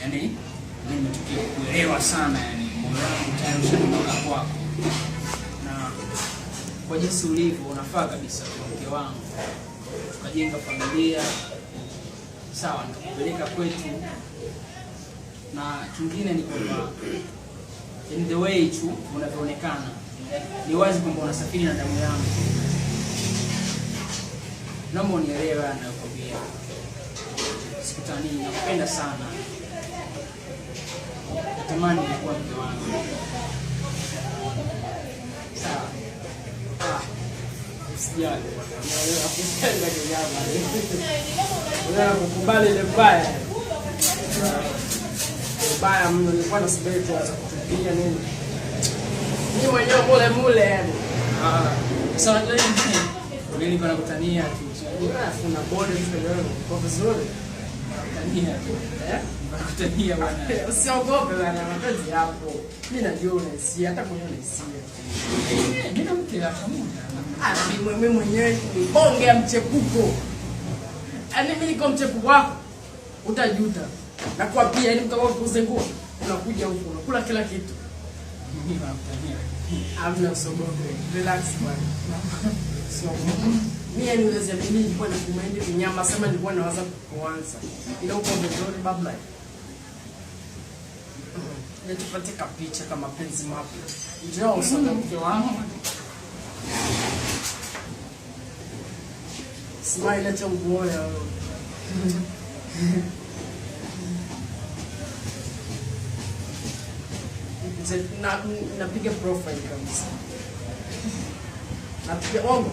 Yani mimi tukielewa sana, yani moyo wangu kwako, na kwa jinsi ulivyo unafaa kabisa kwa mke wangu, tukajenga familia sawa, nikakupeleka kwetu. Na kingine ni kwamba in the way tu unavyoonekana ni wazi kwamba unasafiri na damu yangu, naomba unielewe na msikitani, nakupenda sana, natamani kuwa mke wangu. Ah, kukubali ile baya baya mno, nilikuwa nasubiri tu atakutupia nini, mimi mwenyewe mule mule yani. Ah. leo nilikuwa nakutania tu, alafu bodi tu leo kwa vizuri Eh? Usiogope bwana, mapenzi yapo. Mimi najua unaisia, hata mwenyewe unaisia. Eh, ah, mimi mwenyewe ongea mchepuko, yaani mimi niko mchepuko wako, utajuta. Nakwambia, yaani mkakuzengua, unakuja huku unakula kila kitu. Amna, usiogope, relax bwana, usiogope mie niweze mimi nilikuwa na kumaende vinyama sema nilikuwa nawaza kuanza ila uko vizuri babla mm, nitupate kapicha kama penzi mapya njoo usome mke wangu smile acha uboya na napiga profile kabisa napiga ongo oh,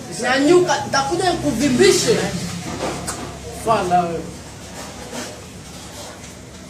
na nyuka takuja fala wewe